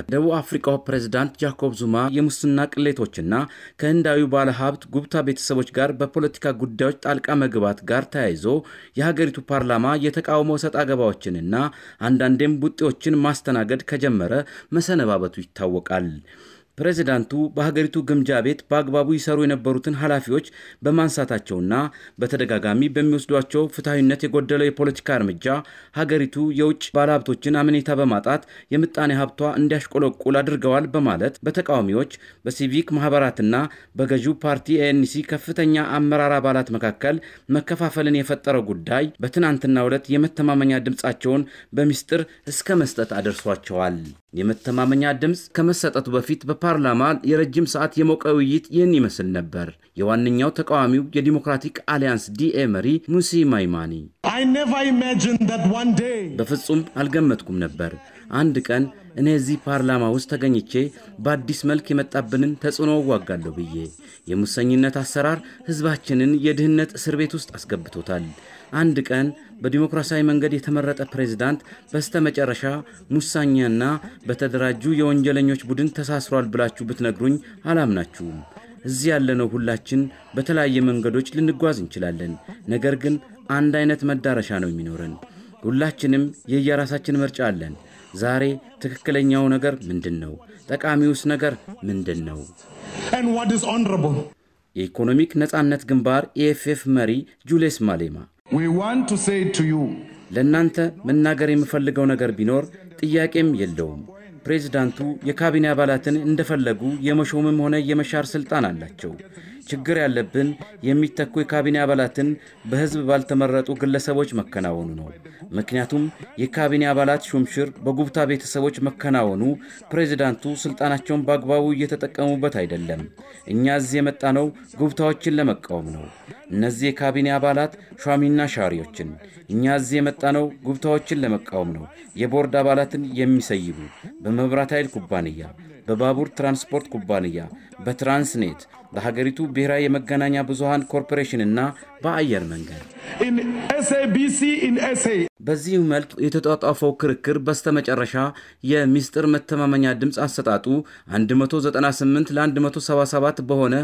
ከደቡብ አፍሪካው ፕሬዝዳንት ጃኮብ ዙማ የሙስና ቅሌቶችና ከህንዳዊ ባለሀብት ጉብታ ቤተሰቦች ጋር በፖለቲካ ጉዳዮች ጣልቃ መግባት ጋር ተያይዞ የሀገሪቱ ፓርላማ የተቃውሞ ሰጥ አገባዎችንና አንዳንዴም ቡጤዎችን ማስተናገድ ከጀመረ መሰነባበቱ ይታወቃል። ፕሬዚዳንቱ በሀገሪቱ ግምጃ ቤት በአግባቡ ይሰሩ የነበሩትን ኃላፊዎች በማንሳታቸውና በተደጋጋሚ በሚወስዷቸው ፍትሐዊነት የጎደለው የፖለቲካ እርምጃ ሀገሪቱ የውጭ ባለሀብቶችን አመኔታ በማጣት የምጣኔ ሀብቷ እንዲያሽቆለቁል አድርገዋል በማለት በተቃዋሚዎች በሲቪክ ማህበራትና በገዢው ፓርቲ ኤንሲ ከፍተኛ አመራር አባላት መካከል መከፋፈልን የፈጠረው ጉዳይ በትናንትናው ዕለት የመተማመኛ ድምፃቸውን በሚስጥር እስከ መስጠት አደርሷቸዋል። የመተማመኛ ድምፅ ከመሰጠቱ በፊት በፓ ፓርላማ የረጅም ሰዓት የሞቀ ውይይት ይህን ይመስል ነበር። የዋነኛው ተቃዋሚው የዲሞክራቲክ አሊያንስ ዲኤ መሪ ሙሲ ማይማኒ በፍጹም አልገመትኩም ነበር አንድ ቀን እኔ እዚህ ፓርላማ ውስጥ ተገኝቼ በአዲስ መልክ የመጣብንን ተጽዕኖ እዋጋለሁ ብዬ የሙሰኝነት አሰራር ሕዝባችንን የድህነት እስር ቤት ውስጥ አስገብቶታል። አንድ ቀን በዲሞክራሲያዊ መንገድ የተመረጠ ፕሬዝዳንት በስተ መጨረሻ ሙሳኛና በተደራጁ የወንጀለኞች ቡድን ተሳስሯል ብላችሁ ብትነግሩኝ አላምናችሁም። እዚህ ያለነው ሁላችን በተለያየ መንገዶች ልንጓዝ እንችላለን። ነገር ግን አንድ አይነት መዳረሻ ነው የሚኖረን። ሁላችንም የየራሳችን ምርጫ አለን። ዛሬ ትክክለኛው ነገር ምንድን ነው? ጠቃሚውስ ነገር ምንድን ነው? የኢኮኖሚክ ነፃነት ግንባር ኢኤፍኤፍ e መሪ ጁሌስ ማሌማ ለእናንተ መናገር የምፈልገው ነገር ቢኖር ጥያቄም የለውም። ፕሬዚዳንቱ የካቢኔ አባላትን እንደፈለጉ የመሾምም ሆነ የመሻር ሥልጣን አላቸው። ችግር ያለብን የሚተኩ የካቢኔ አባላትን በሕዝብ ባልተመረጡ ግለሰቦች መከናወኑ ነው። ምክንያቱም የካቢኔ አባላት ሹምሽር በጉብታ ቤተሰቦች መከናወኑ ፕሬዚዳንቱ ስልጣናቸውን በአግባቡ እየተጠቀሙበት አይደለም። እኛ እዚህ ነው ጉብታዎችን ለመቃወም ነው። እነዚህ የካቢኔ አባላት ሿሚና ሻሪዎችን እኛ እዚህ ነው ጉብታዎችን ለመቃወም ነው። የቦርድ አባላትን የሚሰይቡ በመብራት ኃይል ኩባንያ በባቡር ትራንስፖርት ኩባንያ፣ በትራንስኔት፣ በሀገሪቱ ብሔራዊ የመገናኛ ብዙሃን ኮርፖሬሽን እና በአየር መንገድ በዚህ መልክ የተጧጧፈው ክርክር በስተመጨረሻ የሚስጥር መተማመኛ ድምፅ አሰጣጡ 198 ለ177 በሆነ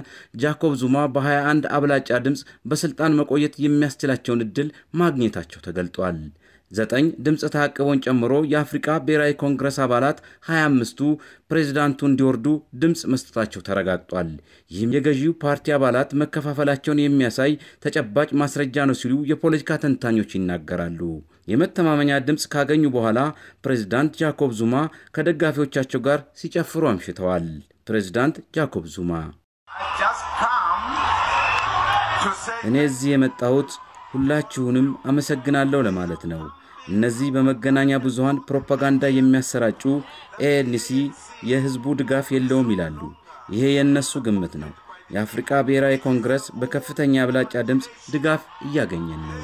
ጃኮብ ዙማ በ21 አብላጫ ድምፅ በስልጣን መቆየት የሚያስችላቸውን እድል ማግኘታቸው ተገልጧል። ዘጠኝ ድምፅ ተአቅቦን ጨምሮ የአፍሪካ ብሔራዊ ኮንግረስ አባላት 25ቱ ፕሬዚዳንቱ እንዲወርዱ ድምፅ መስጠታቸው ተረጋግጧል። ይህም የገዢው ፓርቲ አባላት መከፋፈላቸውን የሚያሳይ ተጨባጭ ማስረጃ ነው ሲሉ የፖለቲካ ተንታኞች ይናገራሉ። የመተማመኛ ድምፅ ካገኙ በኋላ ፕሬዚዳንት ጃኮብ ዙማ ከደጋፊዎቻቸው ጋር ሲጨፍሩ አምሽተዋል። ፕሬዚዳንት ጃኮብ ዙማ እኔ እዚህ የመጣሁት ሁላችሁንም አመሰግናለሁ ለማለት ነው። እነዚህ በመገናኛ ብዙሃን ፕሮፓጋንዳ የሚያሰራጩ ኤኤንሲ የህዝቡ ድጋፍ የለውም ይላሉ። ይሄ የእነሱ ግምት ነው። የአፍሪቃ ብሔራዊ ኮንግረስ በከፍተኛ አብላጫ ድምፅ ድጋፍ እያገኘን ነው።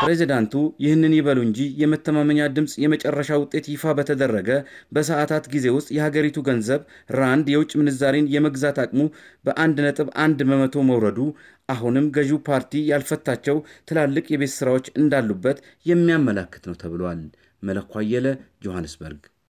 ፕሬዚዳንቱ ይህንን ይበሉ እንጂ የመተማመኛ ድምፅ የመጨረሻ ውጤት ይፋ በተደረገ በሰዓታት ጊዜ ውስጥ የሀገሪቱ ገንዘብ ራንድ የውጭ ምንዛሬን የመግዛት አቅሙ በአንድ ነጥብ አንድ በመቶ መውረዱ አሁንም ገዢው ፓርቲ ያልፈታቸው ትላልቅ የቤት ስራዎች እንዳሉበት የሚያመላክት ነው ተብሏል። መለኳየለ ጆሃንስበርግ